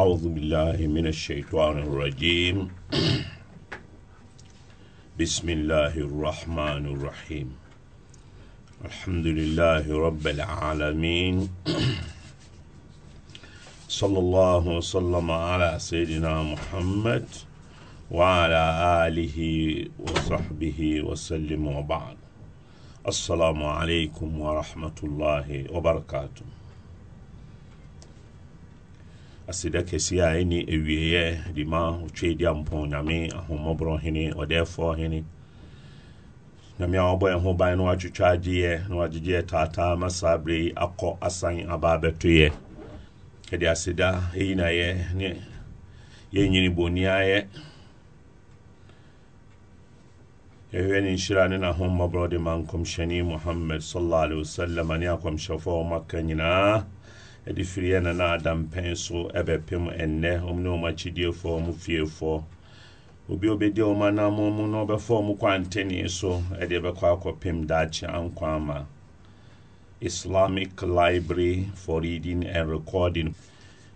أعوذ بالله من الشيطان الرجيم بسم الله الرحمن الرحيم الحمد لله رب العالمين صلى الله وسلم على سيدنا محمد وعلى آله وصحبه وسلم وبعد السلام عليكم ورحمة الله وبركاته aseda kɛseɛ a ɛne awieɛ de ma ɔtwadi ampɔn nyame ahomɔborɔ hene ɔdɛɛfoɔ hene nyame a wɔbɔ ho ban na watwitwa agyeɛ na wagyegyeɛ taataa ma saa berɛ yi akɔ asan aba abɛtoyɛ yɛde aseda ɛyinayɛ ne yɛnyini boniayɛ yɛhwɛ ne nhyira ne n'ahommɔborɔ de ma nkɔmhyɛne muhammad sallallahu alaihi wasallam ne akɔmhyɛfoɔ a wɔmaka nyinaa ɛde firi ɛna na adampɛn so ɛbɛpem ɛnnɛ ɔm ne ɔm akyidiefoɔ ɔm fiefoɔ obi a obɛdi ɔm anamo mu na ɔbɛfa ɔm kwantene so ɛde ɛbɛkɔ akɔpem daakye ankɔ ama islamic library for reading and recording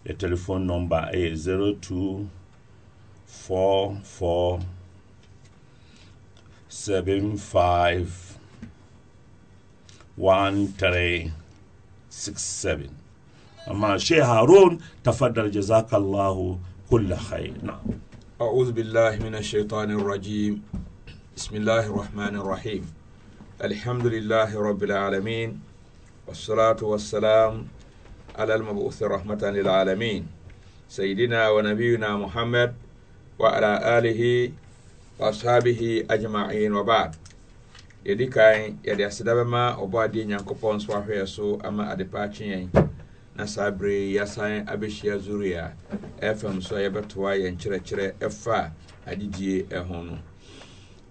the telephone number ɛyɛ 0244 1367 أما شيخ هارون تفضل جزاك الله كل خير نعم أعوذ بالله من الشيطان الرجيم بسم الله الرحمن الرحيم الحمد لله رب العالمين والصلاة والسلام على المبعوث رحمة للعالمين سيدنا ونبينا محمد وعلى آله وأصحابه أجمعين وبعد يدي كاين يدي أسدابما وبعدين ينكو nyankopɔn nso ahwɛ so ama ade pa na saa bere yɛasan abɛhyia zuria fm so a yɛbɛtoa yɛn kyerɛkyerɛ ɛfa adidie ɛho no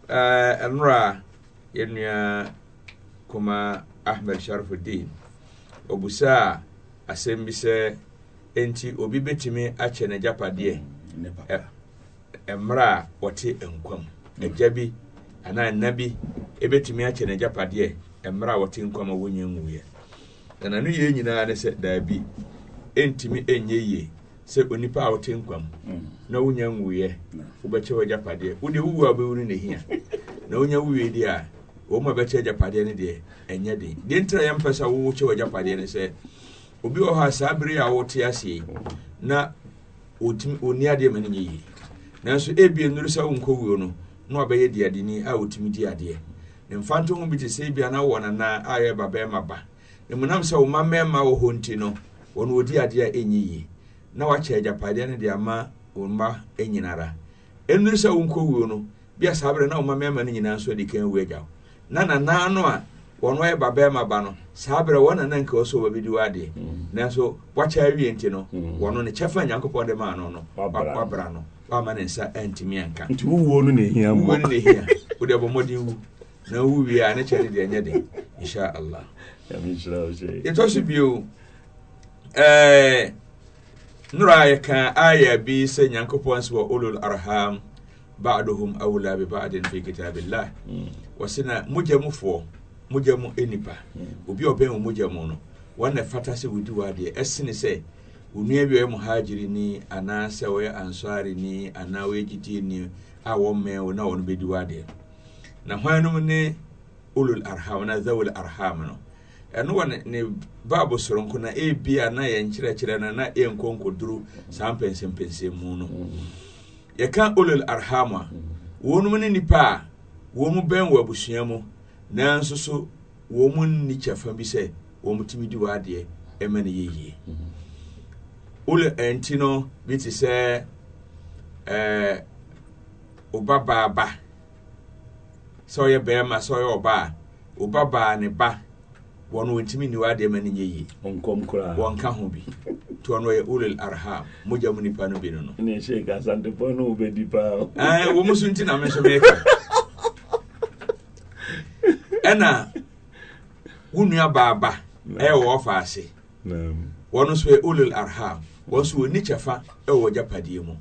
ɛnora yɛnua kuma ahmed sharifuddin ɔbusa a asɛm bi sɛ enti obi bɛtumi akyɛ n'agyapadeɛ mmerɛ a wɔte nkwam agya bi anaa nna bi ɛbɛtumi akyɛ n'agyapadeɛ mmerɛ a wɔte nkwam a wɔnya nwuiɛ na n'ano yie nyinaa ne sɛ daabi ɛntumi ɛnyɛ yie sɛ onipa a ɔte nkwam mm. na wonya nwuiɛ mm. wobɛkyɛ w'agyapadeɛ wode wowu a wobɛwu no ne hia na wonya wuwie deɛ a wɔn a bɛkyɛ agyapadeɛ no deɛ ɛnyɛ den deɛ ntira yɛn mpɛ sɛ wɔkyɛ w'agyapadeɛ no sɛ obi wɔ hɔ a saa bere a wɔte ase na otumi oni adeɛ ma no nyɛ yie nanso ebien nuru sɛ wɔn nkɔwuo no na ɔbɛyɛ deadeni a otumi di adeɛ ne mfa bi te sɛ ebien na wɔn nana a yɛ ba bɛrima ba emunam sɛ wo mmarima wɔ hɔ nti no wɔn wɔdi adeɛ ɛnyi yie na wakyɛ agyapadeɛ no de ama wɔn mma nyinara ɛnuru sɛ wɔn nkɔwuo no bi saa berɛ na wɔn ma mmarima no nyinaa nso de kan wu agyaw na nanaa no a wɔn ayɛ ba bɛrima ba no saa berɛ wɔn nana nka wɔsɔ wɔn bi di wɔ adeɛ mm. nanso wakyɛ awie nti no mm. wɔn ne kyɛfa nyankopɔn de maa no no wabra no wama ne nsa ɛntumi anka nti wuwuo no na ehia mo wuwuo no na ehia wode ɛbɔ mmɔden wu na wuwie a ne kyɛ ne deɛ nyɛ den insha yɛtɔ so bio nora a yɛka aya bi sɛ nyankopɔn sɛ wɔ olul arham ba'dohum awla bi ba'din fi kitabillah wɔse na mogya mufoɔ mogya mu nipa obi ɔbɛn wo mogya mu no wɔna fata sɛ wodi wadeɛ ɛsene sɛ onua bi ɔyɛ muhagiri ni anaasɛ ɔyɛ ansare ni anaa ɔyɛ gyidie ni a wɔmmɛn wo na wɔno bɛdi wadeɛ na hwan nom ne ulul arham na zawul arham no ɛno wɔ ne bible soronko na ebia na yɛ nkyerɛkyerɛ no na yɛ nkɔnkɔduru saa mpɛnsɛmpɛnsɛm mu no yɛka olol arham a wɔnom ne nipa a wɔn mu bɛn wɔ abusua mu nanso so wɔn mu nni kyɛfa bi sɛ wɔn tumi di wɔadeɛ ɛma no yɛyie olol ɛnti no bi te sɛ ɛɛ ɔba baaba sɛ ɔyɛ bɛrima sɛ ɔyɛ ɔbaa ɔba baa ne ba. wɔn wɔntumi ni wadeɛ ma no nyɛ yie ɔnkɔm koraa wɔnka ho bi nti ɔno yɛ ulil arham mogya mu nipa no bi no no ne ɛhyɛ ka asantepɔ eh, no wobɛdi paa wɔ mu so na me nso meɛka ɛna wo nua baaba ɛyɛ wɔ ɔfa ase wɔn nso yɛ ulil arham wɔn nso wɔni kyɛfa ɛwɔ wɔ mu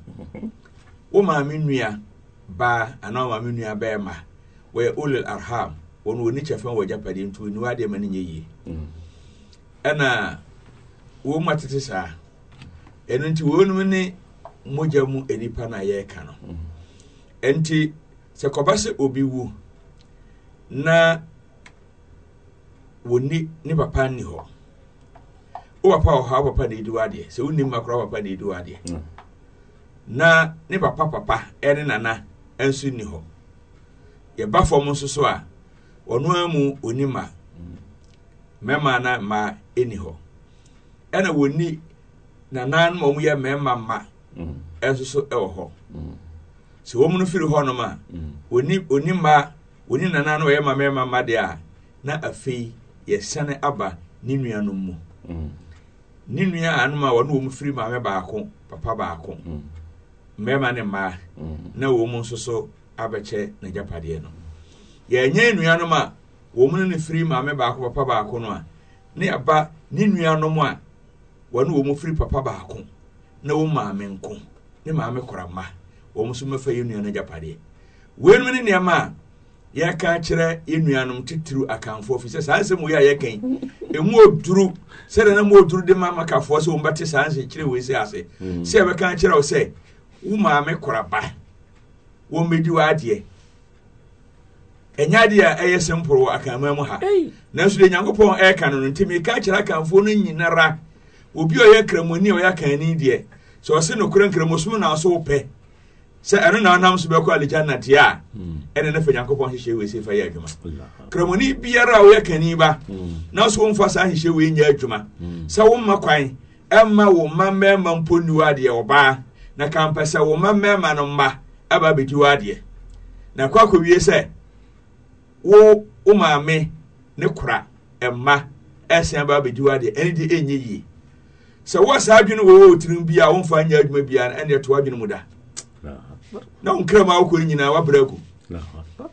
wo maame nua baa anaa maame nua bɛɛma wɔyɛ ulil arham wɔn wɔn ani kyɛfɛ wɔ agyapade nti wɔn niwa deɛ ma no nyɛ yie mm-hmm. ɛna wɔn mu atete saa ɛno nti wɔn mu ne mogya mu nipa na yɛreka no mm-hmm. nti sɛ kɔba sɛ obi wu na wɔni ne papa nni hɔ wo papa wɔ hɔ a papa na ɛdi wadeɛ sɛ wonim ma koraa papa na ɛdi wadeɛ mm. na ne papa papa ɛne nana nso nni hɔ yɛba fam nso so a ɔno a mu ɔni ma mmarima na mmaa ɛni hɔ ɛna wɔni nanan ma wɔyɛ mmarima mma ɛnso so ɛwɔ hɔ sɛ wɔn no firi hɔnom mm-hmm. a ɔni ɔni mmaa ɔni nanan na ɔyɛ ma mmarima mma deɛ a na afei yɛsane aba ne nua no mu mm-hmm. ne nua anum a wɔn wɔn firi maame baako papa baako mmarima mm-hmm. ne mmaa na wɔn nso so abɛkyɛ n'agyapadeɛ no. yɛnyɛ nnuanom a wɔn firi maame baako papa baako no a ne e ne nnuanom a wɔn firi papa baako na wɔn maame nko ne maame kora wɔn nso mɛfa yɛn agyapadeɛ wɔn ne nneɛma a kyerɛ yɛn titiri akanfoɔ fi sɛ saa nsɛm a yɛka yi emu oduru na mu oduru de ma sɛ wɔn saa nsɛm kyerɛ Si ase sɛ yɛbɛka kyerɛ sɛ maame kora ba wɔn ɛnyɛ a ɛyɛ simple wɔ akanman mu ha nanso deɛ nyankopɔn ɛreka no no nti meka kyerɛ no nyinara obi a ɔyɛ a ɔyɛ akanni deɛ sɛ ɔse nokorɛ na wopɛ sɛ ɛno na ɔnam so bɛkɔ aligyanna a hmm. ɛne ne fa nyankopɔn hyehyɛ fa yɛ adwuma biara a woyɛ ba hmm. nanso womfa saa hyehyɛ wei nyɛ adwuma hmm. sɛ kwan ɛma wo mma mmarima mpo adeɛ ɔbaa na kampɛ sɛ wo mmarima no mma wo wo maame ne kora mma ɛsɛn ba abɛgyi wa deɛ ɛne deɛ ɛnyɛ yie sɛ wo saa adwene wɔ wɔ tirim bi a wɔmfa nyɛ adwuma bi a ɛto adwene mu da na wo nkram a wokɔ nyinaa wabrɛ agu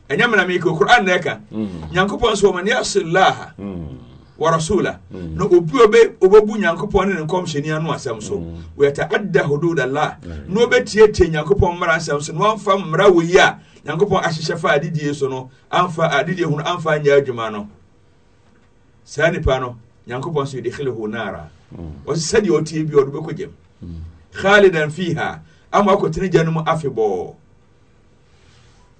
ɛnyɛ mena meekɔ koraa nnɛ ka mm. nyankopɔn sɛ wɔma ne aselaha mm warasula mm. na obi obɛbu nyankopɔn ne ne nkɔmhyɛni ano asɛm so mm. wɔyɛtaadda hududallah mm. na wɔbɛtietie nyankopɔn mmara asɛm so na wɔamfa mmara wɔ yi a nyankopɔn ahyehyɛ fa adedie so no amfa adedie ho no amfa anyɛ adwuma no saa nipa no nyankopɔn so yudkhiluhu nara ɔse sɛdeɛ ɔtie bi ɔde bɛkɔ gyam khalidan fiha ama akɔtene gya no mu afebɔɔ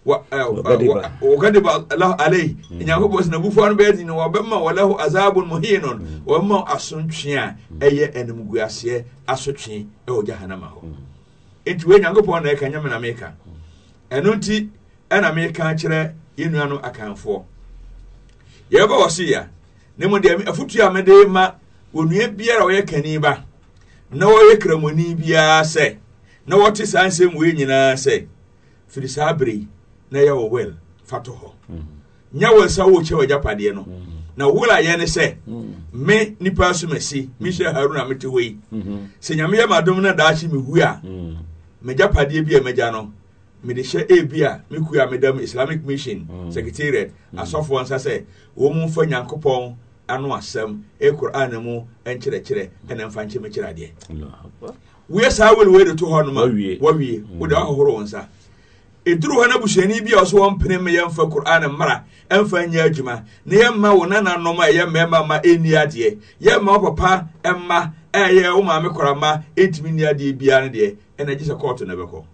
wakadiba eh, alahu alayhi nyankopɔn sɛ nabufoɔ no bɛyɛ dino wɔbɛma walahu azabun muhinon wɔbɛma asontwe a ɛyɛ animguaseɛ asotwe ɛwɔ jahanama hɔ nti wei nyankopɔn na ɛka nyɛme na meka ɛno nti ɛna meka kyerɛ yɛn nuanom akanfoɔ yɛbɛ wɔ so ya ne mu deɛ afotu a mede ma onua biara ɔyɛ kani ba na wɔyɛ kramoni biara sɛ na wɔte saa nsɛm wei nyinaa sɛ firi saa bere yi na yɛwɔ well fato hɔ nyɛ wɔ nsa wɔkyɛ wɔ agyapadeɛ no na wura yɛ ne sɛ me nipa so masi mehyɛ haruna mete hɔ yi sɛ nyame yɛ madom no daakye mewu a magyapadeɛ bi a magya no mede hyɛ ebi a meku a medam islamic mission secretariat asɔfoɔ nsa sɛ wɔn mfa nyankopɔn ano asɛm ɛkoran e mu nkyerɛkyerɛ ɛna mfa nkyɛmɛkyerɛ adeɛ woyɛ saa welewei de to hɔ nom a wawie ahohoro wo nsa ɛduru hɔ no bi a ɔso wɔn mpene mu yɛmfa kur'an mmara ɛmfa nyɛ adwuma na yɛmma wo nananom a ɛyɛ mmarima ma ɛnni adeɛ yɛmma wo papa ɛmma ɛyɛ wo maame korama ɛntumi nni adeɛ biara no deɛ ɛna gye sɛ kɔɔto no bɛkɔ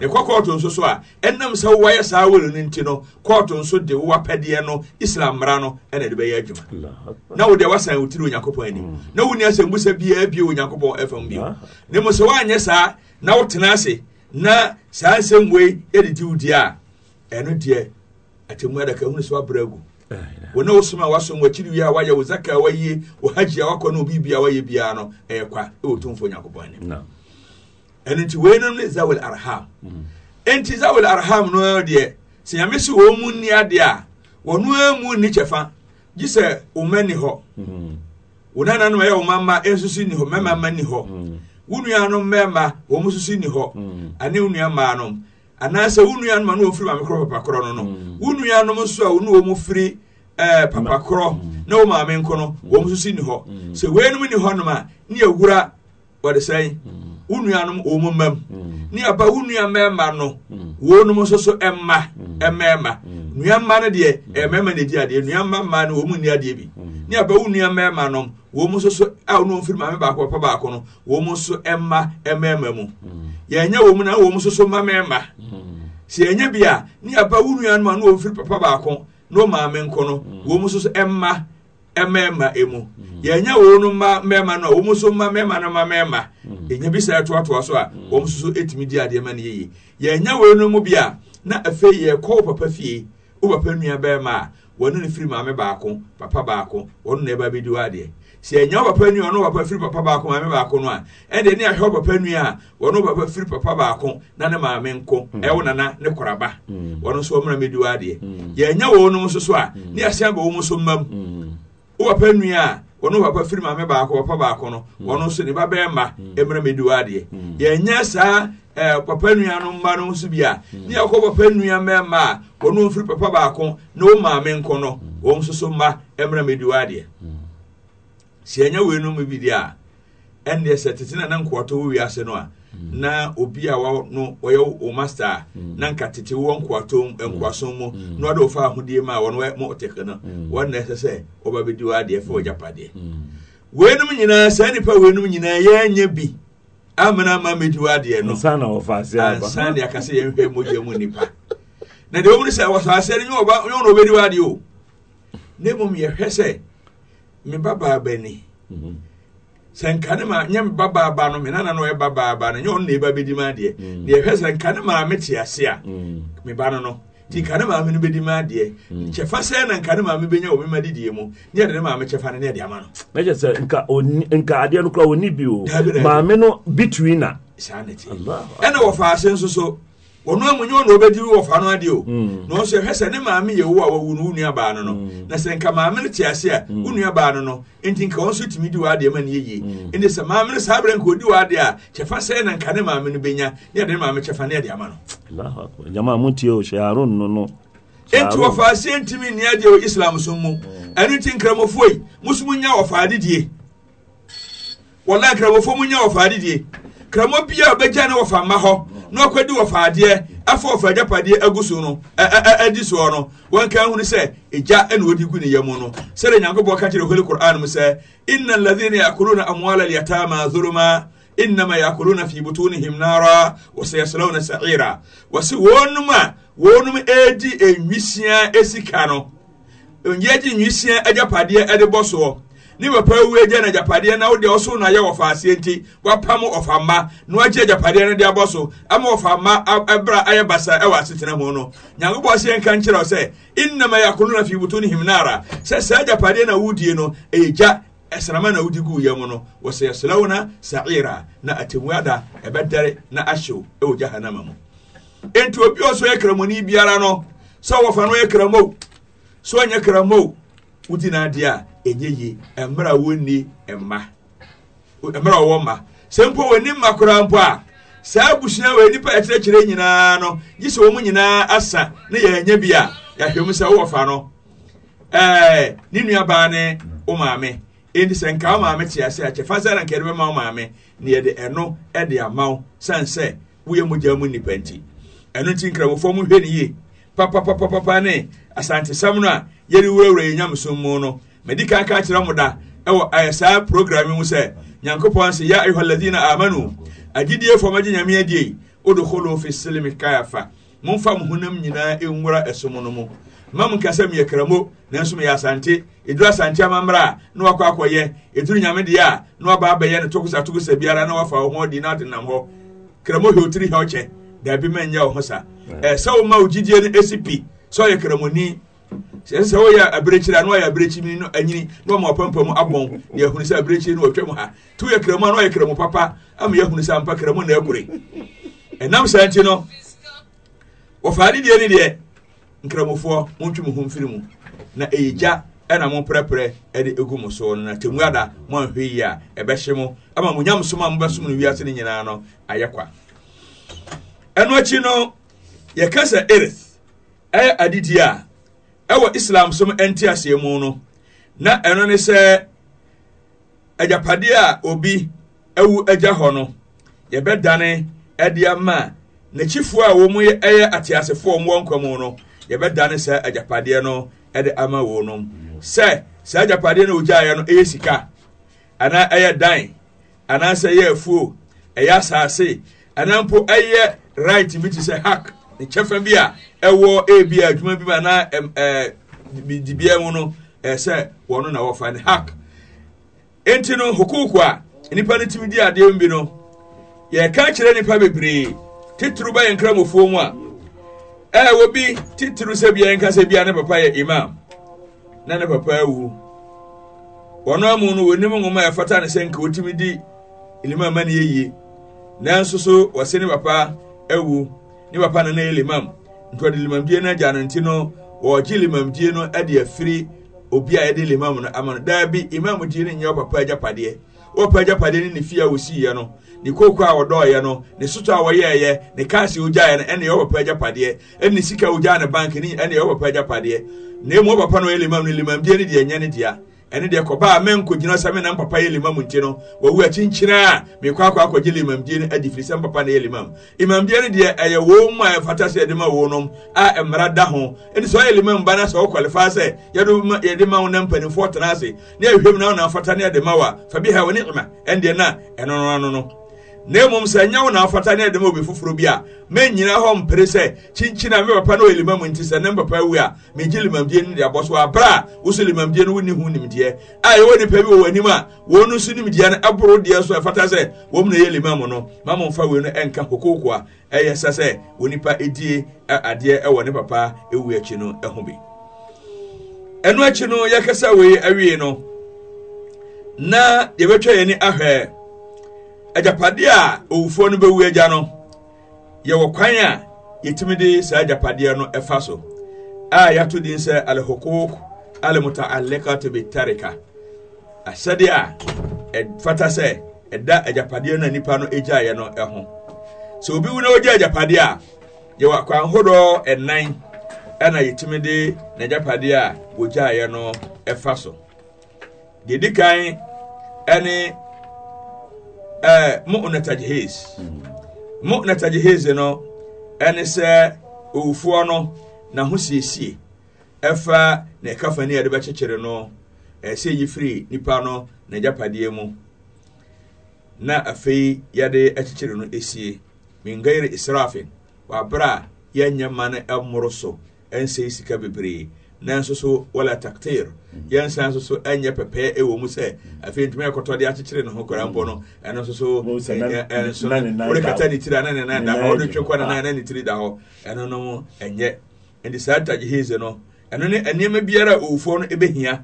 ɛkɔ kɔɔto nso so a ɛnam sɛ wowayɛ saa wɔle no nti no kɔɔto nso de wo apɛdeɛ no islam mmara no ɛna de bɛyɛ adwuma na wo deɛ wasan wo tiri onyankopɔn anim mm. na wonni asɛmbusa biara bio onyankopɔn na mmom sɛ na wotena na saa nsɛm wei yɛde ti wudi a ɛno deɛ atemu adaka hunu so abrɛ agu wo ne wosom a wasom wakyiri wie a wayɛ wo zaka a wayie wo hagye a wakɔ ne obiribia wayɛ biara no ɛyɛ kwa ɛwɔ tomfo onyankopɔn anim ɛno nti wei nom ne zawel arham mm. enti zawel arham no deɛ sɛ nyame sɛ wɔn mu nni adeɛ a wɔno a mu nni kyɛfa gye sɛ wo mma ni hɔ mm. wo nananom ɛyɛ wo mamma ɛnso so ni hɔ mɛmamma mm. ni hɔ wo nuanom mmarima wɔn mo soso ni hɔ mm. ane wo nua mmaa nom anaasɛ wo nuanom a no wɔfiri maame korɔ papa korɔ no no mm. wo nuanom nso a wɔn wɔn firi ɛɛ eh, papa korɔ mm. na wɔn maame nko no wɔn mo soso ni hɔ sɛ wɔn anim ni hɔ nom a ne awura wɔde sɛn wo nuanom wɔn mu mam ne aba wo nua mmarima no wɔn mu nso so mma mmarima nua mma no deɛ mmarima na edi adeɛ nua mma mmaa no wɔn mu ni adeɛ bi ne aba wo nua mmarima no wɔn mu nso so a wɔn mu firi maame baako papa baako no wɔn mu nso mma mmarima mu yɛn nyɛ wɔn mu na wɔn mu nso so mma mmarima sɛ yɛn nyɛ ne aba wo nua a na wɔn firi papa baako na wɔn maame nko no wɔn mu nso so mma mmarima mu yɛnyɛ wɔn no mma mmarima no a wɔn nso mma mmarima no mma mmarima ɛnyɛ bi sɛ ɛtoatoa so a wɔn nso tumi di adeɛ ma no yie yɛnyɛ wɔn mu bi a na afei yɛkɔ wo papa fie wo papa nua barima a wɔne no firi maame baako papa baako wɔn na ɛba bɛdi wɔ adeɛ sɛ ɛnyɛ wo papa nua ɔno papa firi papa baako maame baako no a ɛdeɛ ne ahwɛ wo papa nua a wɔno papa firi papa baako na ne maame nko ɛwo hmm. nana ne koraba wɔn nso wɔn na bɛdi wɔ adeɛ yɛnyɛ wɔn no nso so a ne ahyɛn bɔ wɔn nso mmam wo papa nua a wɔne papa firi maame baako papa baako no hmm. wɔno nso ne ba bɛrima mmerɛ mɛdi wɔ adeɛ hmm. yɛnyɛ saa ɛɛ eh, papa nua no mma no nso bi a hmm. ne yɛkɔ papa nua mmarima a wɔne mfiri papa baako na wɔn maame no wɔn nso so mma mmerɛ mɛdi wɔ adeɛ sɛ yɛnyɛ wei no mu bi deɛ a ɛnneɛ sɛ tete na na nkɔɔtɔ wɔ wiase no a na obi a wa no ɔyɛ o master mm. na nka tete wɔ nkoatom mm. nkoasom mu mm. na ɔde ɔfa ahodeɛ mu a wɔn mo ɔtɛkɛ no wɔn na ɛsɛ sɛ ɔba bɛdi wɔ adeɛ fɛ ɔgya padeɛ wɔnum nyinaa saa nipa wɔnum nyinaa yɛnyɛ bi amena ama mɛdi wɔ adeɛ no ansa na ɔfa ase aba ansa na yɛaka sɛ yɛnhwɛ mogya mu nipa na deɛ wɔn sɛ wɔsɔ ase no nyɛ ɔba nyɛ ɔna ɔbɛdi wɔ adeɛ o na mmom yɛhwɛ sɛ me babaa bɛni. Mm-hmm sɛ nka ne ma nyɛ me no me nana na ɔyɛ babaaba no nyɛ ɔno na ɛba bɛdi ma adeɛ mm. deɛ ɛhwɛ sɛ nka ne maame ase a mm. me ba no no nti nka ne maame no bɛdi ma adeɛ mm. kyɛfa sɛ na nka ne maame bɛnya wɔ mema didie mu ne yɛde ne maame kyɛfa no ne yɛde ama no mɛkyɛ sɛ nka nka adeɛ no kora ɔni bi o maame no bitui na saa ne nso so ɔno amunye ɔna ɔbɛdi wɔ fa no adeɛ o hmm. na ɔsɛ hwɛ sɛ ne maame yɛ wo a wawu no wo nuabaa no hmm. na sɛ nka maame no te ase a wo hmm. nuabaa no no nti nka wɔn nso tumi di wɔ adeɛ ma no yɛyie nti sɛ maame no saa berɛ nka ɔdi wɔ adeɛ a kyɛfa sɛ na nka ne maame no bɛnya ne yɛde ne maame kyɛfa ne yɛde ama no jama mo tie o hyɛ aron no no enti wɔfaaseɛ ntimi nni agye wɔ islam som mu ɛno nti nkramofoɔ yi mosom nya wɔfaade die wɔla nkramofoɔ mu nya wɔfaade die kramo bia a ɔbɛgya ne wɔfa na ɔkɔdi wɔfaadeɛ ɛfa ɔfa agyapadeɛ agu so no ɛdi e, e, e, soɔ no wɔnka hunu sɛ egya ɛna ɔdi gu ne yɛ mu no sɛdeɛ nyankopɔn ka kyerɛ holi qur'an mu sɛ inna alladhina yakuluna amwala ma dhuluma innama yakuluna fi butunihim nara wa sayaslawna sa'ira wɔsi wɔnum a wɔnum edi enwisia esika no nyɛ gye nwisia agyapadeɛ ɛde bɔ soɔ ne papa wu agya no agyapadeɛ na wode ɔso na ayɛ wɔfa aseɛ nti woapam ɔfamma na woakyi agyapadeɛ no de abɔ so ama ɔfamma ɛbra ayɛ basa ɛwɔ asetena mu no nyankopɔn sɛ yɛnka nkyerɛ sɛ innama yakuluna fi butunihim nara sɛ saa agyapadeɛ na wodie no ɛyɛ gya ɛsrama na wudi guu yɛ mu no wɔsɛyɛsrɛwona saira na atemmuada ɛbɛdɛre na ahyew ɛwɔ gyahanama mu enti obi ɔ so yɛ kramoni biara no sɛ wɔfa no yɛ kramo sɛ ɔnyɛ kramo wodi n'adeɛ a ɛnyɛ yie mmerɛ a wɔnni mma mmerɛ a wɔwɔ mma sɛ mpo wɔnni mma koraa mpo a saa abusua wɔ nipa ɛkyerɛkyerɛ nyinaa no gye sɛ wɔn nyinaa asa ne yɛnyɛ bi a yɛahwɛ mu sɛ wɔwɔ fa no ɛɛ ne nuabaa ne wo maame ɛnti sɛ nka wo maame te ase a kyɛfa sɛ na nka yɛde bɛma wo maame na yɛde ɛno ɛde ama wo sane sɛ woyɛ mogya mu nnipa nti ɛno nti nkramofoɔ mu hwɛ ne yie papapapapa ne asantesɛm no a yɛde wurawura yɛ nyamesom mu no madi kan ka kyerɛ mo da ɛwɔ ayɛ saa program mu sɛ nyankopɔn sɛ ya ayuha alladina amanu agyidie fam agye nyame adie wodokolo fi silimi kaafa momfa mo honam nyinaa ɛnwura ɛsom no mu ma mu nka sɛ meyɛ kramo nanso meyɛ asante ɛduru asante amammra a na wakɔ akɔyɛ ɛduru nyame a na waba abɛyɛ no tokosatokosa biara na wafa wo ho ɔdi na adenam hɔ kramo hwɛ otiri hɛ ɔkyɛ daabi ma nyɛ wo ho sa Eh, sɛ woma wo gyidie no ɛsi pi sɛ ɔyɛ kramoni sɛ sɛ woyɛ abirekyiri a na ɔyɛ abirekyiri no anyini na ɔma ɔpampam abɔn na yɛahunu sɛ abirekyiri no ha tu woyɛ kramu a na ɔyɛ papa ama yɛahunu sɛ ampa kramu na akure ɛnam saa nti no wɔfaade deɛ ne deɛ nkramofoɔ mo ho na ɛyɛ gya ɛna mo prɛprɛ ɛde egu mo so na temu ada mo ahwɛ a ɛbɛhyɛ mo ama mo nyam a mobɛsom no wiase no nyinaa no ayɛ kwa ɛno akyi yɛka sɛ erith ɛyɛ adidie a ɛwɔ islam som ɛnte aseɛ mu no na ɛno ne sɛ agyapadeɛ a obi awu agya hɔ no yɛbɛdane ɛde ama n'akyifoɔ a wɔn yɛ ateasefoɔ a wɔn nkwa mu no yɛbɛdane saa agyapadeɛ no ɛde ama wɔn no sɛ saa agyapadeɛ no ogyaeɛ no ɛyɛ sika anaa ɛyɛ dan anaasɛ ɛyɛ afuo ɛyɛ asase anaa mpo ɛyɛ right bi te sɛ hack nkyɛnfɛn bi a ɛwɔ ebi adwuma bi ma na ɛɛ dibea mu no ɛsɛ wɔn na wɔfa ne hack nti no hukuku a nipa no tumi di adeɛ mu bi no yɛka kyerɛ nipa bebree titiri ba yɛn nkramofoɔ mu a ɛɛ obi titiri sɛ bi yɛn kasa bi a ne papa yɛ imam na ne papa awu wɔn amu no wɔn anim nwoma yɛfata ne sɛ nka wɔtumi di enim ama ne yie nanso so wɔsi ne papa awu ne papa no na yɛ limam nti ɔde limamdie no agya no nti no wɔɔgye limamdie no de afiri obi a yɛde limam no ama no daabi imam die no nyɛ papa agyapadeɛ wɔpɛ agyapadeɛ no ne fie a wɔsiiɛ no ne kooko a wɔdɔɔyɛ no ne soto a wɔyɛɛyɛ ne kaase ogyaeɛ no ɛne yɛ wɔpɛ agyapadeɛ ɛne ne sika ogyaa ne bank ne ɛne yɛ wɔpɛ agyapadeɛ na emu wɔpapa no yɛ limam no limamdie no deɛ ɛnyɛ ne dea ɛne deɛ kɔbaa mɛnkɔgyina sɛ me na mpapa yɛ limam nti no wawu akyinkyerɛ a mekɔ akɔ akɔgye limamdie no adi firi sɛ mpapa no yɛ limam imamdie no deɛ ɛyɛ wo mu a ɛfata sɛ yɛde ma wo nom a mmara da ho ɛnti sɛ ɔyɛ limam ba no sɛ wɔkɔlefa sɛ yɛde ma wo na mpanimfoɔ tena ase ne ɛhwɛm na wo na afata ne ade ma wo a fa bi ha wo ne ma ɛndeɛ na a ɛno no ano no na mmom sɛ ɛnyɛ wo naafata ne ɛdɛm obi foforɔ bi a mennyina hɔ mpere sɛ kyinkyin a me papa no ɔyɛ limam nti sɛ ne papa awu a megye limamdeɛ no de abɔ so abrɛ a wo so limamdeɛ no wonni ho nimdeɛ a yɛwɔ nnipa bi wɔ a wɔn so nimdeɛ no ɛboro deɛ so ɛfata sɛ wɔm na ɛyɛ ma momfa wei no ɛnka a ɛyɛ sɛ sɛ onipa ɛdie adeɛ ɛwɔ ne papa ɛwu akyi no bi ɛno akyi no agyapadeɛ a owufoɔ no bɛwu agya no yɛwɔ kwan a yɛtumi de saa agyapadeɛ no ɛfa so a yɛato din sɛ alhukuk almutaalekata bitarika asɛdeɛ a ɛfata sɛ ɛda agyapadeɛ no a nipa no gyaeɛ no ho sɛ obi wu na ogya agyapadeɛ a yɛwɔ akwan hodoɔ ɛnan ɛna yɛtumi de n'agyapadeɛ a wogyaeɛ no ɛfa so deɛ di kan ɛne ɛɛ mu natajihez mu natajihez no ɛne sɛ owufoɔ no n'aho ɛfa na ɛka fa ni a yɛde bɛkyekyere no ɛsɛ yi firi nipa no n'agyapadeɛ mu na afei yɛde ɛkyekyere no esie mingairi israfin wɔ abere a yɛn nyɛ ma no ɛmoro so ɛnsɛ sika bebree nanso so wala taktir mm-hmm. yɛnsa nso so pepe pɛpɛɛ ɛwɔ mu sɛ afei ntumi ɛkɔtɔ de akyekyere ne ho kora mm-hmm. no eno nso so ɛnso wode kata ne tiri na ne nan da hɔ wode twe na na ne tiri da hɔ eno no ɛnyɛ ɛnti saa tagiheze no ɛno ne nneɛma biara a owufoɔ no ɛbɛhia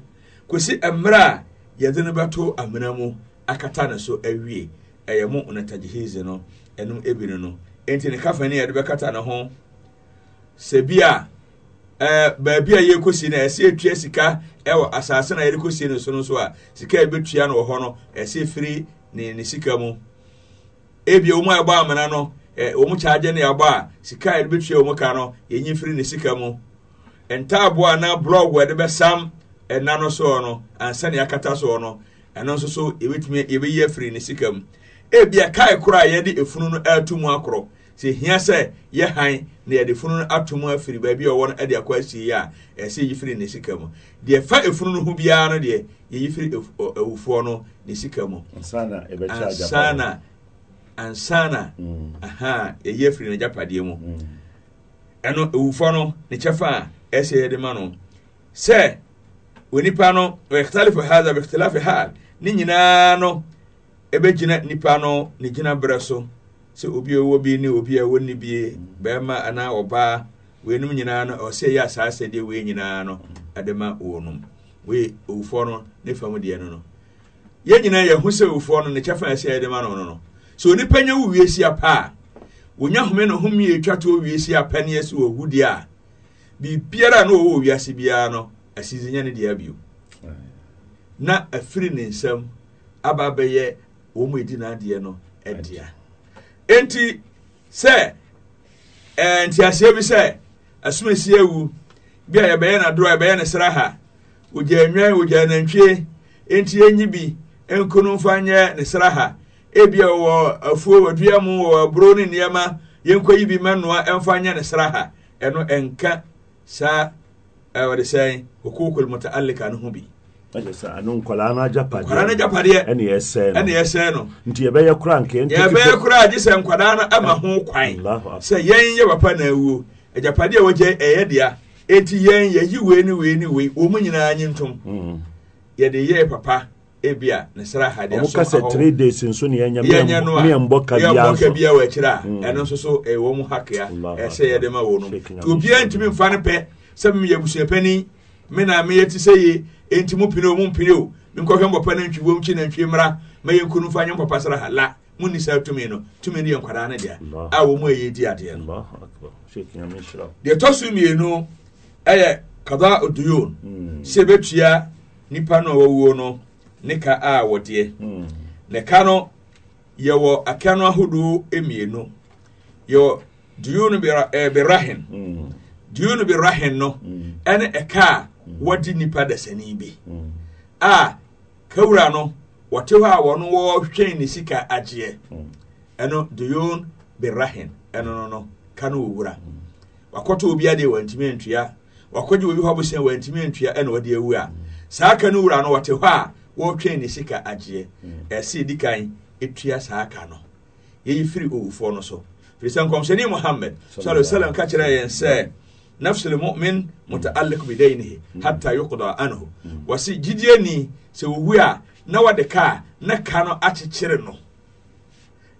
kɔsi mmerɛ a yɛde no bɛto amena mu akata na so awie ɛyɛ mo ne tagiheze no ɛnom ɛbi no enti ne kafani ne yɛde bɛkata ne ho sɛ ɛɛ eh, baabi a yɛ kɔsi no ɛsɛ etua sika ɛwɔ asase na yɛde kɔsi no so no so a sika a ebetua no wɔ hɔ no ɛsɛ firi ne ne sika mu ebi eh, wɔn a ɛbɔ amena no ɛɛ eh, wɔn kyaagye ne ɛbɔ a sika a yɛde wɔn ka no yɛnyi firi ne sika mu ntaaboa na blɔg wɔde bɛsam ɛna no soɔ no ansa ne akata soɔ no ɛno nso so yɛbɛtumi yɛbɛyi afiri ne sika mu ebi a kaa koro yɛde efunu no ɛɛtu mu akorɔ sɛ hia sɛ yɛ han na yɛde funu no ato mu afiri baabi a ɔwɔ no de akɔ asie a ɛsɛ yi firi ne sika mu deɛ fa efunu no ho biara no deɛ yɛyi firi awufoɔ no ne sika mu ansana ansana mm. aha yɛyi afiri ne gyapadeɛ mu mm. ɛno awufoɔ no ne kyɛfa a ɛsɛ yɛde ma no sɛ onipa no ɛkitalifu haza ɛkitalifu hal ne nyinaa no ɛbɛgyina nipa no ne gyina berɛ so sɛ obi ɛwɔ bi ne obi ɛwɔ ne bie bɛrima anaa ɔbaa wɔnum nyinaa no ɔsɛ yɛ saa sɛdeɛ wɔn nyinaa no ɛde ma wɔnum wɔyɛ owufoɔ no ne fam deɛ no no yɛn nyinaa yɛn ho sɛ owufoɔ no ne kyɛfa yɛ sɛ yɛde ma no no no so onipa nyɛ wo wie si apa a wonya home na home yɛ atwa to wie si apa ne yɛ sɛ wɔwu deɛ a biribiara no wɔwɔ wiase biara no asisi nyɛ ne deɛ bio na afiri ne nsam aba abɛyɛ wɔn mu edi n'adeɛ no ɛdea enti sɛ ɛɛ eh, ntiaseɛ bi sɛ asomasi awu bi a yɛbɛyɛ n'adoro a yɛbɛyɛ ne sra ha ogya enwan ogya nantwie enti enyi bi nkono nfa nyɛ ne ha ebi a wɔ afuo wɔ dua mu wɔ aburo ne nneɛma yɛnkɔ yi bi mɛnoa mfa nyɛ ne sra ha ɛno nka saa ɛwɔ eh, de sɛn okokol mota alika no ho bi ɛneyɛsɛe no yɛbɛyɛ koraa gye sɛ nkwadaa no ama ho kwan sɛ yɛn yɛ papa na awuo agyapadeɛ a wɔgye ɛyɛ dea ɛti yɛn yɛyi wei ne wei ne wei wɔ mu nyinaa nye ntom mm. yɛde yɛɛ papa ebia ne sra ahadeɛ so ɔmo kasa three days nso ne yɛnyɛ yɛnyɛ no a yɛmbɔ kabia wɔ akyire a mm. ɛno nso so ɛwɔ mu hakea ɛsɛ yɛde ma wɔ no obiara ntumi nfa ne pɛ sɛ mmeyɛ abusuapani me na meyɛ te sɛ yie enti mu pini o mu mpini o nkɔhwɛ nkɔpɛ nantwi wɔm kyi nantwi mmra ma yɛ nkunu fa nyɛ nkɔpa sra ha la mu ni saa tumi no tumi no yɛ nkwadaa no deɛ a wɔn mu a yɛ di adeɛ no deɛ ɛtɔ so mmienu ɛyɛ kada oduyo hmm. sɛ bɛtua nipa no a wɔwuo no ne ka a wɔdeɛ hmm. ne ka no yɛwɔ aka no ahodoɔ mmienu yɛwɔ duyo eh, hmm. no berahin duyo no berahin no ɛne ɛka a wɔdi nipa dasani bi mm. a kawura no wɔte hɔ a wɔn wɔhwɛn ne sika agyeɛ mm. ɛno duyon berahin ɛno no no ka no wɔwura mm. wakɔtɔ obi adeɛ wɔntumi ntua wakɔgye obi hɔ abosɛn wɔntumi ntua ɛna wɔde awu saa ka wura no wɔte hɔ a wɔretwɛn ne sika agyeɛ ɛsi di kan etua saa kano, no yɛyi firi owufoɔ no so firi sɛ nkɔmhyɛni muhammed sallallahu alaihi wa yɛn sɛ nafsu lmumin mutaalliq bidaynihi hatta yuqda anhu wɔse gyidie ni sɛ wowu a na wɔde ka na ka no akyekyere no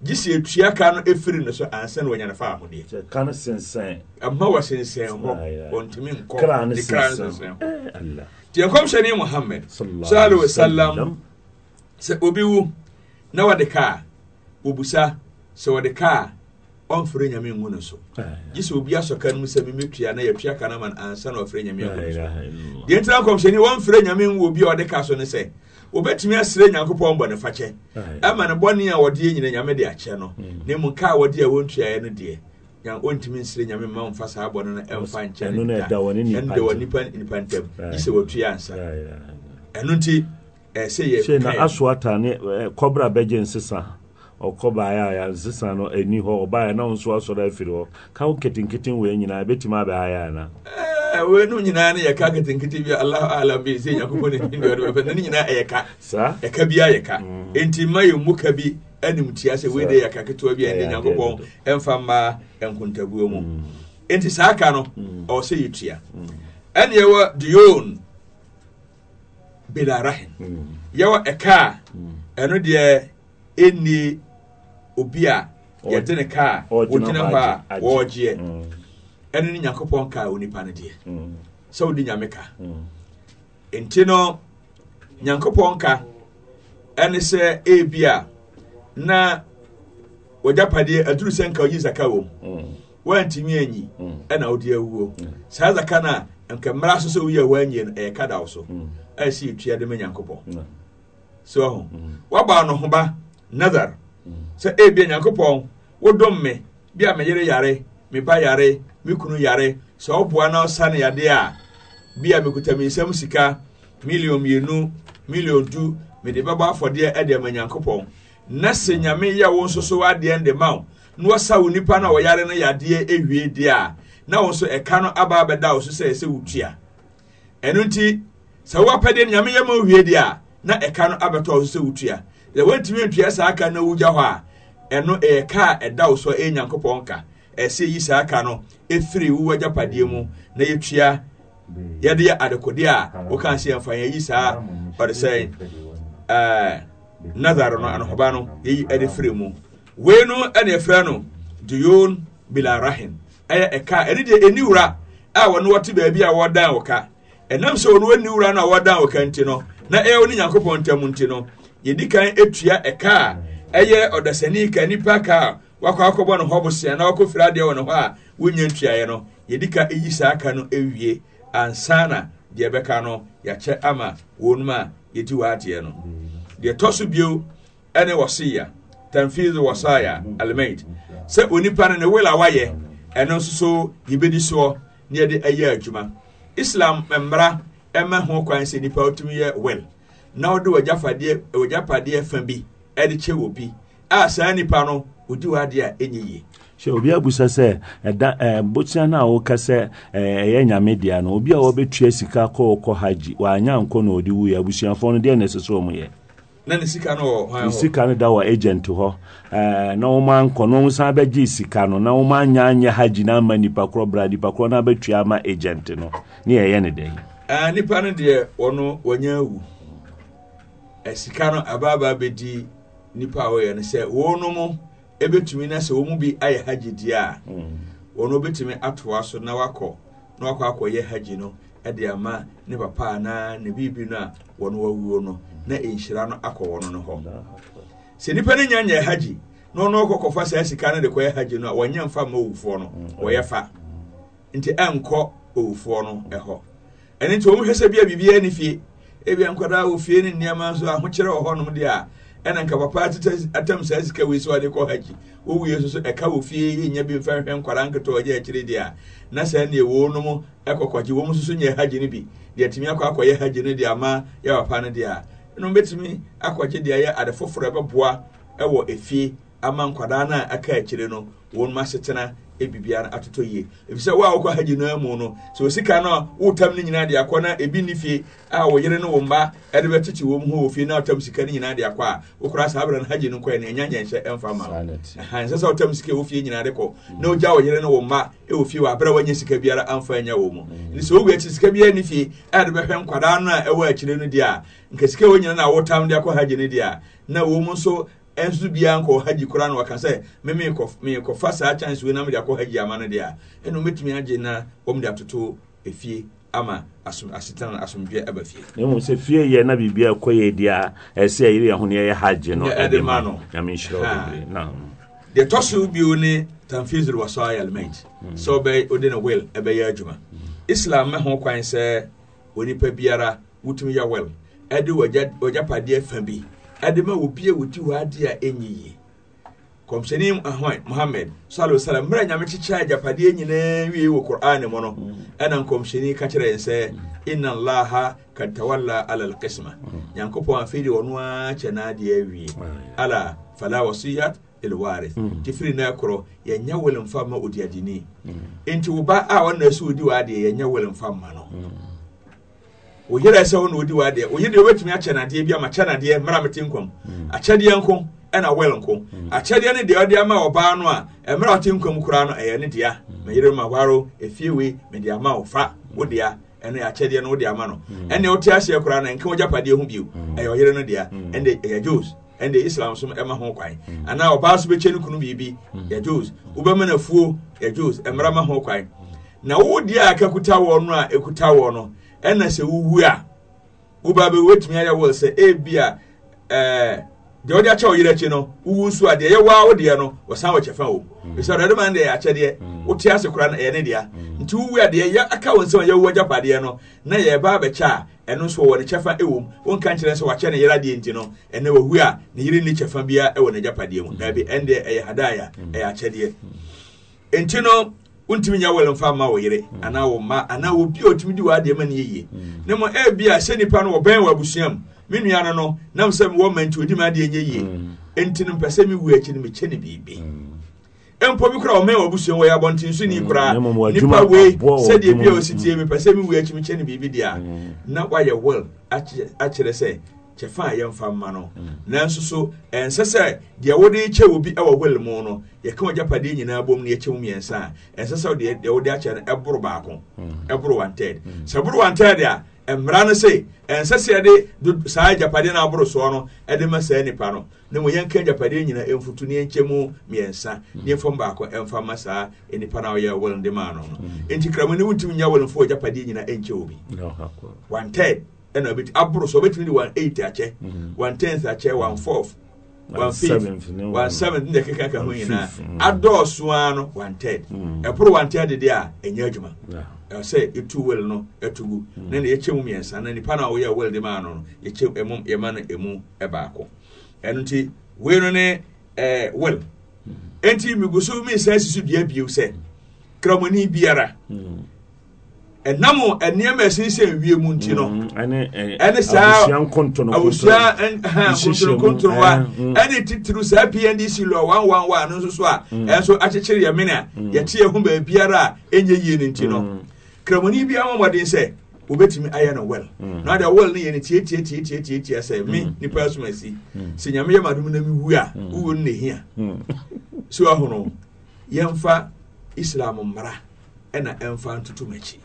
gye sɛ etua ka no efiri no so ansa na wɔnya ne fa ahodeɛ ka no sensɛn ama wɔ sensɛn hɔ ah, wɔntumi nkɔ sensɛn hɔ eh, nti ɛkɔmhyɛne muhammad sallallahu alaihi wasallam sɛ obi wu na wɔde ka a wɔbusa sɛ wɔde ka a ɔmfrɛ nyame ngu no so eh, eh. gye sɛ obi asɔ ka no mu sɛ memetua na yɛtua ka no ma no ansa na ɔfrɛ nyame agu so deɛ ntina kɔmhyɛni wɔmfrɛ nyame ngu obi a ɔde ka so ne sɛ wobɛtumi asrɛ nyankopɔn bɔne fakyɛ ɛma no bɔne a wɔde nyina nyame de akyɛ no mm. na mu ka a wɔde a wɔntuaeɛ no deɛ ɔntumi nsere nyame ma mfa saa bɔne no ɛmfa nkyɛ wɔ nipa nipa ntam gye sɛ wɔtua ansa ɛno nti ɛsɛ eh, yɛ na asoata ne kɔbra bɛgye nsesa ɔkɔ baayɛ a sisan no ani hɔ ɔbaayɛ na nso asɔre afiri hɔ ka wo nketenkete wei nyinaa ɛbɛtumi abɛayɛ ana wei no nyinaa no yɛka nketenkete bi allahu alam bi sɛ nyankopɔn ne ndɔde bɛpɛ na ne nyinaa ɛyɛ ka saa ɛka bi ayɛ ka mm. enti ma yɛ mu ka bi anim tia sɛ wei de yɛ ka ketewa bi a ɛne nyankopɔn ɛmfa mmaa nkontabuo mu mm. enti saa ka no mm. ɔwɔ sɛ yɛtua ɛne yɛwɔ dion bilarahin yɛwɔ ɛka a ɛno deɛ obi a yɛde ne kaa wɔgyina hɔ a wɔregyeɛ mm. ɛno ne nyankopɔn kaa onipa no deɛ mm. sɛ wodi nyame ka mm. nti no nyankopɔn ka ɛne sɛ ebi a na wɔgyapadeɛ aduru sɛ nka oyi zaka wɔ mu wɔantumi anyi ɛna wode awuo saa zaka no a nka mmara so sɛ woyɛ woanyie no ɛyɛ kadaw so ɛsɛ yɛtua de ma nyankopɔn sɛ ɔho woaba no ho ba nazar sɛ ebia nyankopɔn wodom me bi yare me yare me kunu yare sɛ ɔboa na ɔsane yadeɛ a a mekuta me sika milion mmienu milion du mede bɛbɔ afɔdeɛ ɛde ama nyankopɔn na sɛ nyame yɛ wo nso so na wɔsa nipa no a na wo nso a na ɛka no abɛtɔ wo so sɛ deɛ wɔntumi ntua saa ka na wogya hɔ a ɛno ɛyɛ ka a ɛda wo so ɛyɛ nyankopɔn ka ɛsɛ yi saa ka no ɛfiri wo agyapadeɛ mu na yɛtua yɛde yɛ adekodeɛ a woka sɛ yɛmfa yɛyi saa ɔde sɛ eh, nazar no anohoba no yɛyi ɛde firi mu wei no ɛne ɛfrɛ no duyon bilarahin ɛyɛ ɛka ɛne deɛ ɛni wura a wɔne wɔte baabi a wɔdan wo ka ɛnam sɛ wɔne wɔni wura no a wɔdan wo ka nti no na ɛyɛ wo ne nyankopɔn ntam nti no yɛdi kan etua ɛka a ɛyɛ ɔdasani ka nipa ka a wakɔ akɔbɔ ne hɔ bosia na wakɔ fira adeɛ wɔ ne hɔ a wonya ntuaeɛ no yɛdi kan eyi saa ka no ewie ansana deɛ bɛka no yɛakyɛ ama wɔn mu a yɛdi wɔ adeɛ no deɛ tɔ so bio ɛne wɔsiya tanfiizu wɔsaaya alimɛyid sɛ onipa no ne wela wayɛ ɛno nso yɛbɛdi soɔ ne yɛde ɛyɛ adwuma islam mmara ɛma ho kwan sɛ nipa otumi yɛ well na ɔde w'agyapadeɛ w'agyapadeɛ fa bi ɛde kyɛ wɔ bi a saa nipa no odi w'adeɛ a ɛnyɛ yie sɛ obi abusa sɛ ɛda ɛbotia no a woka sɛ ɛyɛ nyame dea no obi a wɔbɛtua sika kɔɔ kɔ hagye wanya nkɔ na ɔde wuiɛ abusuafoɔ no deɛ na ɛsɛ sɛ ɔmo yɛ na ne sika no wɔ sika no da wɔ agent hɔ ɛɛ na wɔn ankɔ na wɔn san bɛgye sika no na wɔn anya anyɛ hagye na ama nipa korɔ bra nipa korɔ na abɛtua ama agent no ne yɛyɛ ne dɛ. nipa no deɛ wɔn wɔnyɛ awu sika no ababa bɛdi nipa a wɔyɛ no sɛ wɔn no mu ebetumi na sɛ wɔn mu bi ayɛ hajj di a mm. wɔn no betumi atoa so na wakɔ na wakɔ akɔyɛ hajj no ɛde ama ne papa anaa ne biribi no a wɔn wawuo no na nhyira no akɔ wɔn no hɔ sɛ nipa no nya nyɛ hajj na ɔno ɔkɔ kɔfa saa sika no de kɔyɛ hajj no a wɔnyɛ nfa ma owufoɔ no mm. wɔyɛ fa nti ɛnkɔ owufoɔ no ɛhɔ ɛne nti wɔn hwɛ sɛ bia biribiara ne fie ebi nkwadaa wɔ fie ne nneɛma nso ahokyerɛ wɔ hɔnom deɛ a ɛna nka papa atam saa sika wei sɛ ɔde kɔ haki wowie so so ɛka wɔ fie yɛnya bi mfa hwɛ nkwadaa nketewa ɔgye akyire deɛ a na saa neɛ wɔn nom ɛkɔkɔgye wɔn nso nyɛ hagye no bi deɛ tumi akɔ akɔyɛ hagye no deɛ ama yɛ papa no deɛ a ɛnum bɛtumi akɔgye deɛ ayɛ ade foforɔ ɛbɛboa ɛwɔ efie ama nkwadaa no a aka akyire no wɔn mu asetena biribiara atotɔ yie efisɛ wo a wokɔ hagye no amu no sɛ osika no a wotam no nyinaa de akɔ na ebi ne fie a wo yere ne wo mba ɛde bɛtete wɔ mu hɔ wɔ fie na wotam sika no nyinaa de akɔ a wokora saa berɛ no hagye no nkɔɛ no ɛnya nyɛnhyɛ ɛmfa ma ɛnsɛ sɛ wotam sika wo nyinaa de kɔ na wogya wo yere ne wo mba ɛwɔ fie wɔ aberɛ wanya sika biara amfa anya wɔ mu nti sɛ wowi akyi sika biara ne fie a de bɛhwɛ nkwadaa no a ɛwɔ akyire no deɛ a nka wɔ nyina no wotam de akɔ hagye no deɛ a na wɔ mu nso ɛnso biara nkɔ hagyi koraa na waka sɛ meme mekɔfa saa chance wei na mede akɔ hagyi ama no deɛ a ɛna wobɛtumi agye na wɔm de atoto efie ama asetan asomdwe aba fie ɛmu sɛ fie yɛ na biribia kɔ yɛ di a ɛsɛ yere yɛ ne ɛyɛ hagye no ɛde ma no nyame nhyira wo bebree na deɛ tɔ so bio ne tamfisir wɔ saa element mm. sɛ wobɛ wode ne will ɛbɛyɛ adwuma mm. islam ma ho kwan sɛ onipa biara wotumi yɛ will ɛde wagyapadeɛ fa bi ɛde ma obi a wɔdi hɔ ade a ɛnyɛ yie kɔmhyɛni mohammed salo salam mmerɛ nyame kyekyerɛ agyapadeɛ nyinaa wie wɔ koran mu no ɛna nkɔmhyɛni ka kyerɛ yɛn sɛ inna allaha kad tawalla ala alqisma nyankopɔn afei de ɔno ara kyɛ n'adeɛ awie ala fala wasiyat ilwaris mm. tifiri na korɔ yɛnyɛ welemfa ma odiadini enti mm. wo ba a wɔnna so wodi wɔ adeɛ yɛnyɛ welemfa ma no mm oyi dɛ sɛ ɔna odi wadeɛ oyi deɛ obetumi akyɛ nadeɛ bi ama kyɛ nadeɛ mmerɛ mete nkɔm akyɛdeɛ nko ɛna well nko akyɛdeɛ ne deɛ mm. ɔde ama ɔbaa no a mmerɛ ɔte nkɔm koraa no ɛyɛ ne dea meyere ma waro efiewei mede ama ɔfa wo dea ɛne akyɛdeɛ no wode ama no ɛne wote aseɛ koraa no ɛnka wogyapadeɛ ho bio ɛyɛ ɔyere no dea ɛnde ɛyɛ jews ɛnde islam so ɛma ho kwan anaa ɔbaa so bɛkyɛ no kunu biribi jews wobɛma no afuo jews ɛmmara ma na wo deɛ a akakuta kuta no a ɛkuta wɔ no ɛna sɛ wowu a woba bɛ wetumi ayɛ wɔ sɛ ebi a ɛɛ deɛ wɔde akyɛ ɔyere akyi no wowu nso a deɛ ɛyɛ ya no wɔsan wɔkyɛ fa wo mm. ɛsɛ ɔdɔdɔ man deɛ akyɛdeɛ mm. wote ase kora no ɛyɛ ne dea mm. nti wowu a deɛ aka wɔn sɛ ɔyɛ wu agyapadeɛ no na ya ebe abɛkyɛ a ɛno nso wɔde kyɛfa ɛwom wɔnka nkyerɛ sɛ wakyɛ ne yere adeɛ nti no ɛnɛ wawu a ne yere ne kyɛfa biara ɛwɔ n'agyapadeɛ mu daabi ɛndeɛ ɛyɛ hadaya ɛyɛ akyɛdeɛ nti no wontumi nya wɛlɛ mfa ma mm. wo yere anaa wo mma anaa obi a otumi di w'adeɛ ma no yɛyie ne mo ebi a hyɛ nipa no wɔbɛn wɔ abusua mu me nua no no nam sɛ mewɔ mɛnti odi ma adeɛ nyɛ yie enti no mpɛ sɛ mewu akyi no mekyɛ ne biribi mpo bi koraa ɔmɛn wɔ abusua mu wɔyɛ abɔnten so ni mm. koraa mm. nipa we, sɛdeɛ bi a osi tie mepɛ sɛ mewu akyi mekyɛ ne biribi deɛ a na wayɛ well akyerɛ sɛ kyɛfa a yɛmfa mma no nanso so ɛnsɛ sɛ deɛ wode kyɛ obi wɔ wel mu no yɛka agyapadeɛ nyinaa bom no yɛkyɛm mmiɛnsa a ɛnsɛ sɛ deɛ wode akyɛ no ɛboro baako ɛboro wanted sɛ boro wanted a mmara no se ɛnsɛ sɛ yɛde saa agyapadeɛ no aboro soɔ no ɛde ma saa nipa no na mo yɛnka agyapadeɛ nyinaa ɛmfutu ne yɛnkyɛ mu mmiɛnsa ne yɛmfam baako ɛmfa ma saa nipa no a ɔyɛ wel de maa no no enti kramo ne wontumi nya welmfoɔ agyapadeɛ nyinaa ɛnkyɛ obi wanted ɛna ɔbɛti aboro so ɔbɛtumi di one eight akyɛ mhm. one tenth akyɛ one fourth one fifth one seventh ne keka ka ho nyinaa mm. adɔɔso ara no one third mm. ɛporo one third deɛ a ɛnyɛ adwuma ɛsɛ etu well no ɛtu gu mm. na na yɛkyɛ mu mmiɛnsa na nipa na ɔyɛ well de maa no no yɛkyɛ ɛmu yɛma no ɛmu ɛbaako ɛno ti wei no ne ɛɛ well ɛnti mi gu so mi nsa sisi dua bio sɛ kramoni biara ɛnam nneɛma ɛsensɛn wie mu nti no mm-hmm. eh, ɛne saa awusua nkontonkontonwa mm-hmm. ɛne titiri saa pndc lɔ one one one no nso a mm-hmm. ɛnso akyekyere yɛn mena yɛte yɛn ho baabiara a ɛnyɛ yie no nti no kramoni bi amamɔden sɛ wobɛtumi ayɛ no well na ɔde well no yɛ no tietietitietitia sɛ me nipa asom asi sɛ nyame yɛ madom na mewu a wowu no ne hia so ahono yɛmfa islam mmara ɛna ɛmfa ntotom akyi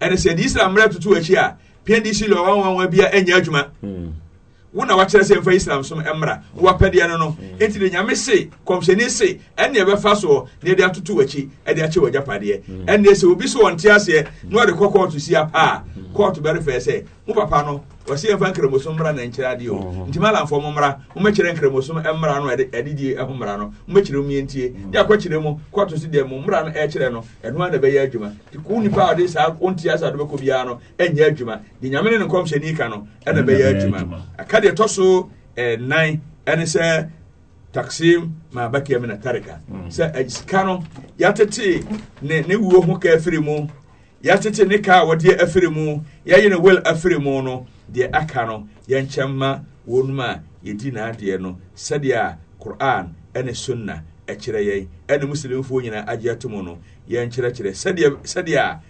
ɛne sɛ de islam mmerɛ toto akyi a pndc lɔ wanwanwa bia ɛnyɛ adwuma wo na wakyerɛ sɛ mfa islam som mmra wapɛdeɛ no no enti de nyame se kɔmhyɛni se ɛne ɛbɛfa soɔ na ɛde atoto w'akyi ɛde akyɛ w'agyapadeɛ ɛnneɛ sɛ obi so wɔnte aseɛ na wɔde kɔ kɔɔto si apa a kɔɔto bɛrefɛɛ sɛ mo papa no wasi yɛn fa nkramosom mmara na nkyerɛ adeɛ o nti malamfoɔ mo mmara mmɛkyerɛ nkramosom mmara no ɛdidie ɛho mmara no mmɛkyerɛ mu yɛn tie yɛ akɔkyerɛ mu kɔɔto so deɛ mu mmara no ɛkyerɛ no ɛno ara na bɛyɛ adwuma kuu nipa a ɔde saa ɔnti asa de bɛkɔ biara no ɛnyɛ adwuma deɛ nyame ne ne nkɔmhyɛni ka no ɛna bɛyɛ adwuma aka deɛ ɛtɔ so ɛnan eh, ɛne sɛ taksim ma bakia mina tarika mm. sɛ sika no yɛatete ne ne wuo ho ka afiri mu yɛatete ne kaa wɔde afiri mu yɛyɛ ne wel afiri mu no deɛ aka no yɛnkyɛ mma wɔnom a yɛdi n'adeɛ no sɛdeɛ qur'an ɛne sunna ɛkyerɛ yɛn ɛne muslimfoɔ nyinaa agye ato mu no yɛnkyerɛkyerɛ sɛdeɛ sɛdeɛ a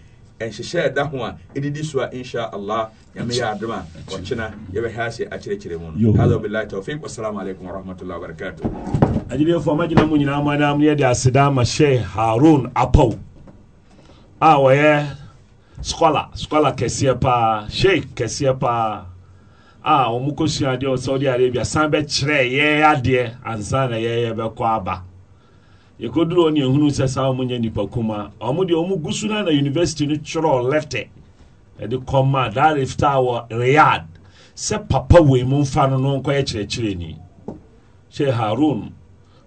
ɛnhyehyɛ ɛda ho a ɛdidi so a insha allah nyame yɛ adom a ɔkyena yɛbɛhɛ ase akyerɛkyerɛ mu no hada billahi tawfiq wassalamu alaikum warahmatullahi wabarakatuh agyedeɛfoɔ magyina mu nyinaa mu adam ne yɛde aseda ma hyɛ haron apaw a wɔyɛ scholar scholar kɛseɛ paa sheik kɛseɛ paa a wɔn kɔsua adeɛ wɔ saudi arabia san bɛkyerɛ yɛɛ adeɛ ansa na yɛɛ bɛkɔ aba yɛkɔduru hɔ ne yɛhunu sɛ saa wɔn nyɛ nipa kuma wɔn deɛ wɔn gu na university no twerɛ lɛtɛ yɛde kɔma dar ifta wɔ riyadh sɛ papa wei mu nfa no no nkɔyɛ kyerɛkyerɛni sheikh harun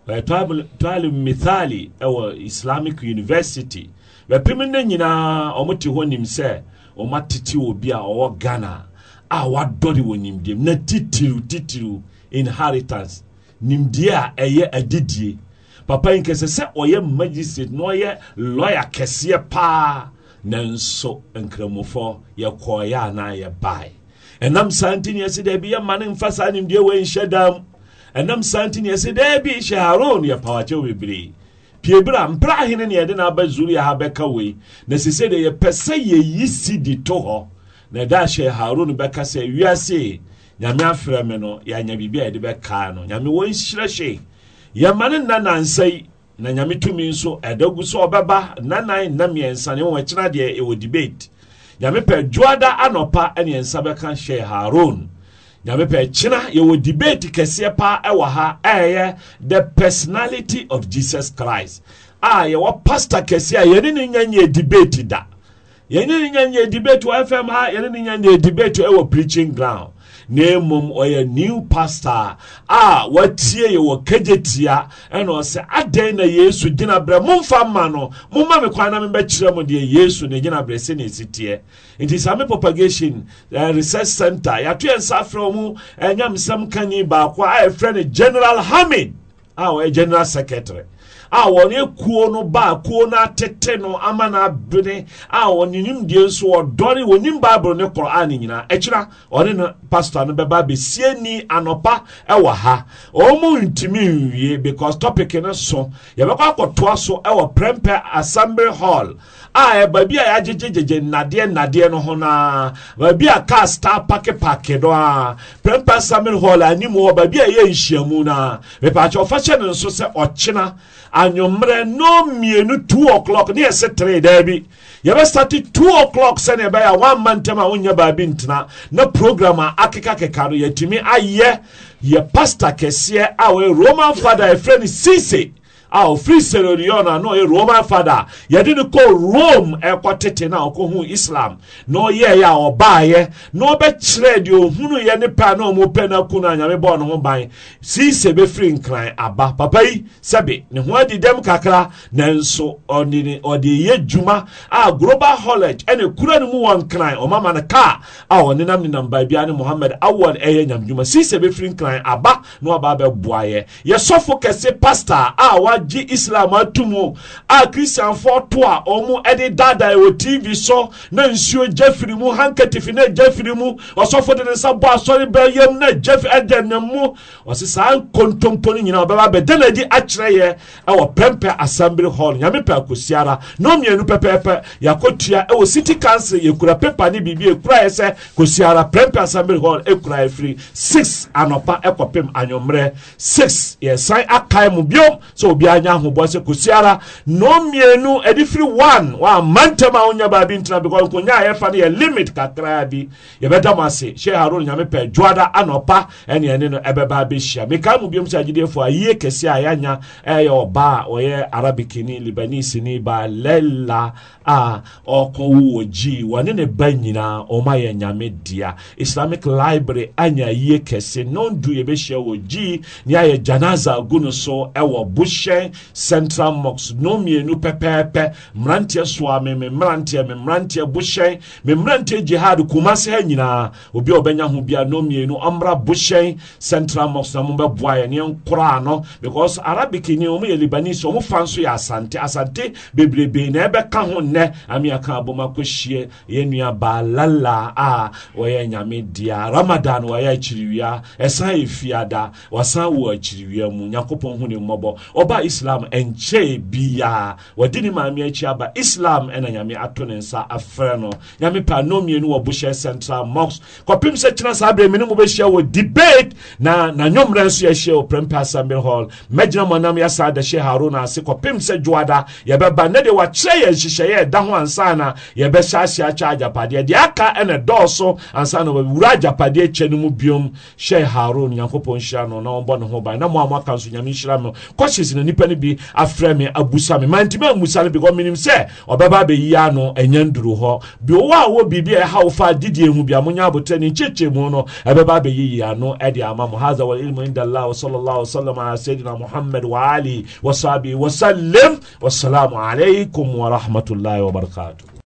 wɔyɛ twaalim mithali ɛwɔ islamic university bɛpem no nyinaa ɔmote hɔ nim sɛ ɔma tete obi a ɔwɔ ghana a wadɔre wɔ nimdeɛ na titiru titiru inheritance nimdeɛ a ɛyɛ adidie papa yi nkɛsɛ sɛ ɔyɛ magistrate na ɔyɛ lɔya kɛseɛ paa nanso nkramofo na anaa yɛbae ɛnam santi nti ne yɛse daabi mane ne mfa saa nimdeɛ wɔ nhyɛ dam ɛnam saa nti ne yɛse daabi hyɛ haron yɛpawakyɛw bebree pie bere a mpere ahene ne yɛde n'aba zuri ha bɛka wei na sese de yɛpɛ sɛ yɛyi sidi to hɔ na ɛda ahyɛ haron bɛka sɛ wiase nyame afrɛ me no yɛanya biribi a yɛde bɛkaa no nyame wɔnhyerɛ hye yɛma ne nna nansa yi na nyame tumi nso ɛda gu so ɔbɛba nnanan nna mmiɛnsa ne wɔn akyina deɛ ɛwɔ debate nyame pɛ dwoada anɔpa ne yɛnsa bɛka hyɛ haron nyamepɛ kyena yɛwɔ debate kɛseɛ paa ɛwɔ ha ɛyɛ the personality of jesus christ a yɛwɔ pastor kɛseɛ a yɛne ne nya nyɛ debate da yɛne ne nya nyɛ debate wɔ fm ha yɛne ne nya nyɛ debate ɛwɔ preaching ground na mmom ɔyɛ new pastor a watie yɛ wɔ kagyetia ɛna ɔsɛ adɛn na yesu gyinaberɛ momfa mma no momma me kwan na membɛkyerɛ mo deɛ yesu ne gyinaberɛ sɛ ne ɛsiteɛ nti same propagation uh, research center yɛato yɛ nsa frɛ mu ɛnyamsɛm eh, uh, kanyi baako a ɛfrɛ no general hamid a ɔyɛ general secretary a wɔne kuo no baa kuo no atete no ama no abene a nso wɔdɔre wɔnim bible ne koran nyinaa akyira ɔne no pastor no bɛba ni anɔpa ɛwɔ ha ɔmo ntumi nwie because topic no so yɛbɛkɔ akɔtoa so ɛwɔ prɛmpɛ assembly hall a baabi a yɛagyegyegyegye nnadeɛ nnadeɛ no ho naa baabi a car star pakepake no a prɛmpɛ assembly hall anim hɔ baabi a nhyiamu naa ɔfa nso sɛ anwummerɛ no mmienu 2 o'clock ne yɛse tere daa bi yɛbɛsate 2 o'clock sɛne ɛbɛyɛ a woamma ntɛm a wonyɛ baabi ntena na program a akekakeka no yɛatumi ayɛ yɛ pastor kɛseɛ a wɔyɛ roman father ɛfrɛ no sise a ofiri sierra leone na ɔyɛ roman fada yɛde no kɔ rome ɛkɔ tete na ɔkɔhu islam na ɔyɛɛ a ɔbaayɛ na ɔbɛkyerɛ deɛ ohunu yɛ ne pɛ a na ɔmo pɛ na kun na nyame bɔɔ ne ho ban siise bɛfiri nkran aba papa yi sɛbe ne ho adi dɛm kakra nanso ɔde yɛ dwuma a global college ɛne kura no mu wɔ nkran ɔmama no kaa a ɔnenam nenam baabia ne mohammed awɔn ɛyɛ nyamdwuma siise bɛfiri nkran aba na ɔba bɛboayɛ yɛsɔfo kɛse pastor a agye islam atumu a kristianfoɔ to a ɔmo ɛde daadaa wɔ tv so na nsuo gya firi mu hankatifi na gya firi mu ɔsɔfo de ne nsa bɔ asɔre bɛyam na gya firi ɛdɛ ne mu ɔsi saa nkontompo no nyinaa ɔbɛba abɛda na adi akyerɛ yɛ ɛwɔ pɛmpɛ assembly hall nyame pɛ akosi ara na ɔmienu pɛpɛɛpɛ yɛakotua ɛwɔ city council yɛkura pepa ne biribi yɛkura yɛ sɛ kosi ara pɛmpɛ assembly hall ɛkura yɛ firi six anɔpa ɛkɔpem anwommerɛ six yɛsan akae mu bio sɛ obi obiara nya ahobɔ sɛ kɔsi ara nnɔɔ mmienu ɛde firi one wa ntɛm a wonya baabi ntena because nkonya a yɛfa no yɛ limit kakraa bi yɛbɛda mo ase hyɛ haron nyame pɛ adwoada anɔpa ɛne ɛne no ɛbɛba abɛhyia mekae mu biom sɛ agyedeɛfoɔ ayie kɛseɛ a yɛanya ɛyɛ ɔba a ɔyɛ arabicini libanisini ba lela a ɔkɔwo wɔ gyii wɔne ne ba nyinaa ɔma yɛ nyame dea islamic library anya yie kɛse nondu yɛbɛhyia wɔ gyii ne ayɛ janaza agu no so ɛwɔ bohyɛ ɛbɛn central mox no mmienu pɛpɛɛpɛ mmeranteɛ soa me me mmeranteɛ me mmeranteɛ bohyɛn me mmeranteɛ jihad kumase ha nyinaa obi a ɔbɛnya ho bia no mmienu ɔmmra bohyɛn central mox na mobɛboa yɛ neɛ nkoraa no because arabic ni wɔn yɛ libanese wɔn fa nso yɛ asante asante bebrebe na ɛbɛka ho nnɛ amiaka aboma kɔhyie yɛn nua baalala a wɔyɛ nyame dea ramadan wɔyɛ akyiriwia ɛsan yɛ fiada wɔsan wɔ akyiriwia mu nyankopɔn ho ne mmɔbɔ ɔba islam ɛnkyɛe biaa wɔde ne maame akyi aba islam ɛna nyame ato ne nsa afrɛ no nyame pɛ anommienu wɔ bohyɛ central mox kɔpem sɛ kyena saa berɛ mene mobɛhyia wɔ debate na nanwommerɛ nso yɛhyia wɔ prɛmpɛ assembly hall mɛgyina mɔnam yɛsa dahyɛ harona ase kɔpem sɛ dwoada yɛbɛba ne de wakyerɛ yɛ nhyehyɛeɛ ɛda ho ansa na yɛbɛhyɛ ahyɛ akyɛ agyapadeɛ deɛ aka ɛna dɔɔso ansa na wɔwura agyapadeɛ kyɛ no mu biom hyɛ haron nyankopɔn hyira no na wɔbɔ ne ho ban na mo a moaka nso nyame hyira me kɔhyes na nipa nnipa no bi afrɛ me abusa me mantimi ammusa no because menim sɛ ɔbɛba abɛyi ano ɛnyɛ nduru hɔ bi ɔwɔ a biribi a ɛha wo fa didie hu bia monya abotɛ ne nkyekyɛmu no ɛbɛba abɛyiyi ano ɛde ama mo haza walilmu inda allah وصلى الله وسلم على سيدنا محمد وعلي وصحبه وسلم والسلام عليكم ورحمة الله وبركاته